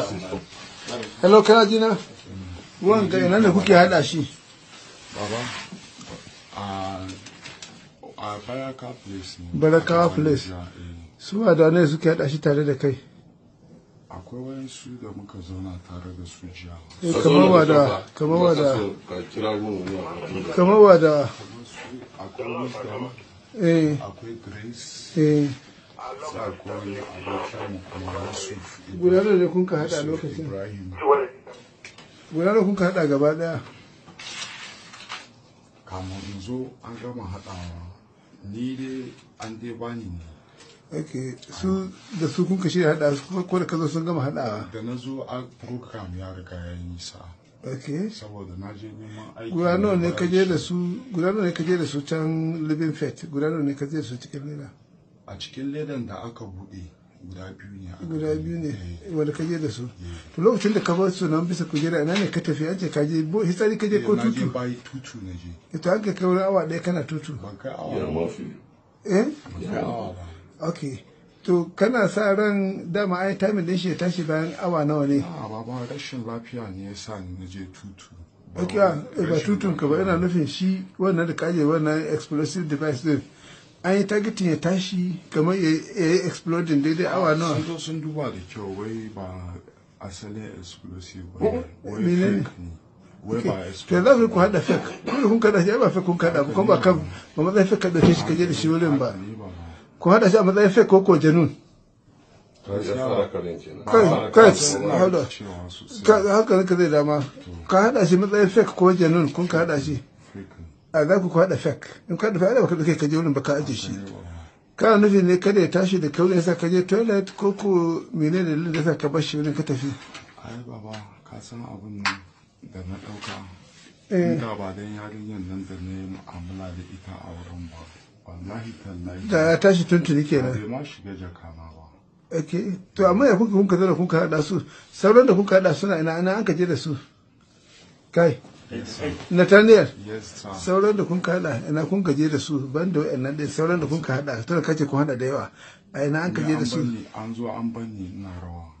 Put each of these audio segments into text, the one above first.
ta hello kana jina na ruwan ga ina ne kuke hada shi baba a uh, uh, baraka place ne baraka place su a da ne suke hada shi tare da kai akwai wani su da muka zauna tare da su jiya eh, kamar wada wa da kamar wa da kamar wada da eh. akwai grace eh sakon abokin masu gudanar da kun ka hada lokacin gudanar da kun ka hada gaba daya in zo an gama hadawa ni dai an dai bani ne ok su da su kun shirya hada su ko da kazo sun gama hadawa da na zo a program ya riga ya yi nisa ok saboda na je neman aiki gudanar ne kaje da su gudanar ne da su can living fate gudanar ne da su cikin nila a cikin ledan da aka buɗe guda biyu ne guda biyu ne eh. wanda ka je da su eh. to lokacin da ka bar su nan bisa kujera ina ne ka tafi an ce ka je hitsari ka je ko tutu eh, na je bayi tutu na je ita an ka kai awa ɗaya kana tutu ban kai awa eh awa ba. okay to kana sa ran dama ai timin din shi ya tashi bayan awa nawa ne a baba rashin lafiya ne ya sa ni je tutu ok ba tutun ka ba ina nufin shi wannan da kaje wannan explosive device din an yi targetin ya tashi kamar ya yi exploding daidai awa nawa sun zo sun duba da kyau wai ba asalin explosive ba wai fake ne wai ba explosive to za ku hada fake kun kun kada shi ba fake kun kada kuma ba kan ba matsayin fake kada shi kaje da shi wurin ba ku hada shi a matsayin fake ko ko janun haka zai dama ka hada shi matsayin fake ko janun kun ka hada shi a za ku kwaɗa fek in kwaɗa fek ba kaɗa kai kaje wurin baka ka aje shi kana nufi ne kada ya tashi da kyau yasa ka je toilet ko ko mene ne da yasa ka bar shi wurin ka tafi ai baba ka san abin da na ɗauka eh. ina ba dan yarinyar nan da na yi mu'amala da ita a wurin ba wallahi tallahi da ya tashi tuntuni kenan bai ma shiga jaka ma ba ok to amma ya kuka kuka ka zara haɗa su sauran da kuka ka haɗa suna ina ana an kaje da su kai na sauran da kun ka hada ina kun ka je da su ban da wayannan dai sauran da kun ka hada tun kace kun hada da yawa a ina an ka je da su an zo an banni ina rawa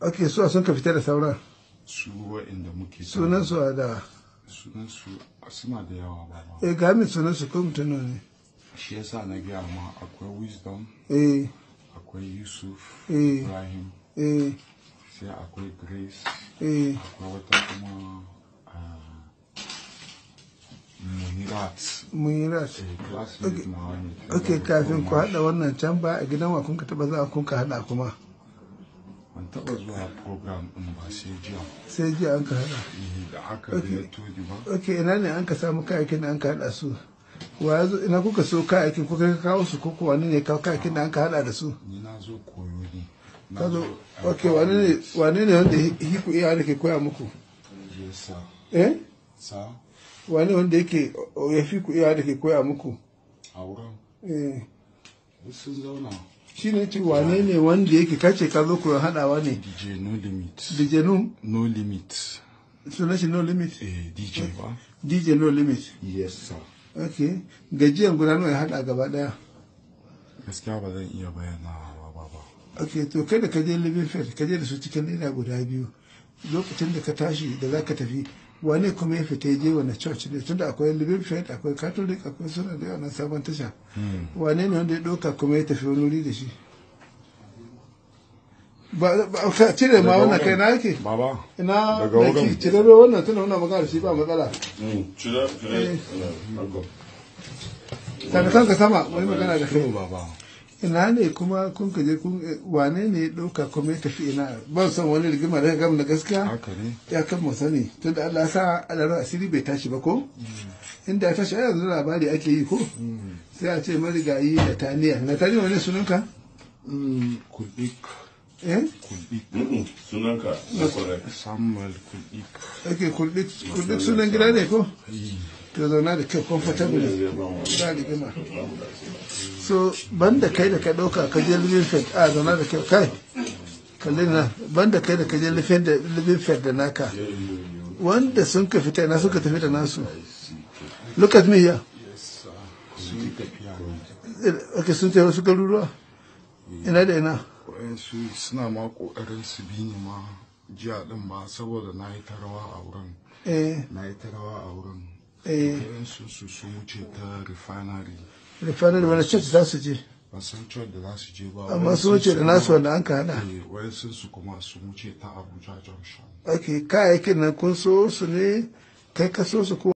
ok su sun ka fita da sauran su wa'anda muke sunan su da sunan su suna da yawa ba eh ga sunan su ko tuno ne shi yasa na gaya ma akwai wisdom eh akwai yusuf eh. ibrahim eh sai akwai grace eh akwai wata kuma mun yi rat eh, ok kafin ku haɗa wannan can ba a gidan wa kun ka taɓa za a kun ka haɗa kuma ban taɓa zuwa program ɗin ba sai jiya sai jiya an ka haɗa eh, da aka gayyato ji ba ok ina ne an ka samu kayakin da an ka haɗa su wa ya zo ina kuka so kayakin kuka kawo su ko wani ne kawo kayakin da an ka haɗa da su ni na zo koyo ne ka zo ok wane ne wanda hiku iya wanda ke koya muku eh sa wani wanda yake ya fi ku iya da ke koya muku a wurin eh sun zauna shi ne ce wane ne wanda yake kace ka zo koyon hadawa ne dj no limit dj no no limit sunan shi no limit eh dj ba dj no limit yes sir ok gajiyan guda ya hada gaba daya gaskiya ba zan iya bayyana ba ba ok to kai da kaje living fair kaje da su cikin naira guda biyu lokacin da ka tashi da za ka tafi wani kuma ya fita je wani church ne tunda akwai living faith akwai catholic akwai suna da yawan sabon tasha wani ne wanda ya ɗauka kuma ya tafi wani wuri da shi ba a cire ma wannan kai na yake ina da ki cire bai wannan tunda wannan magana shi ba matsala cire cire daga kanka sama wani magana da kai ba ba ina ne kuma kun ka je kun eh, wane ne dauka kuma ya tafi ina ban son wani rigima da gam na gaskiya ya kan mu sani tun da Allah sa alaro asiri bai tashi ba ko mm. inda ya tashi yanzu labari ake yi ko mm. sai a ce marigayi da taniya na taniya wani sunanka mm, kulik eh kulɗik sunanka na kwarai samuel kulik ake kulik sunan gida ne ko ka da kyau comfortable ba so banda kai da ka ɗauka ka je living fed a zauna da kyau kai kalli na banda kai da ka je living fed da naka wanda sun ka fita na suka tafi da nasu look at me here ake sun tafi su garuruwa eh. ina da ina su suna ma ƙoƙarin su bi ni ma jiya din ba saboda na yi tarawa a wurin eh. na yi tarawa a wurin su wuce ta refinery refinery wani church za su je ba san church da za su je ba amma su wuce da nasu wanda an ka hada wai sun su kuma su wuce ta abuja junction ok kayayyakin nan kun so su ne kai ka so su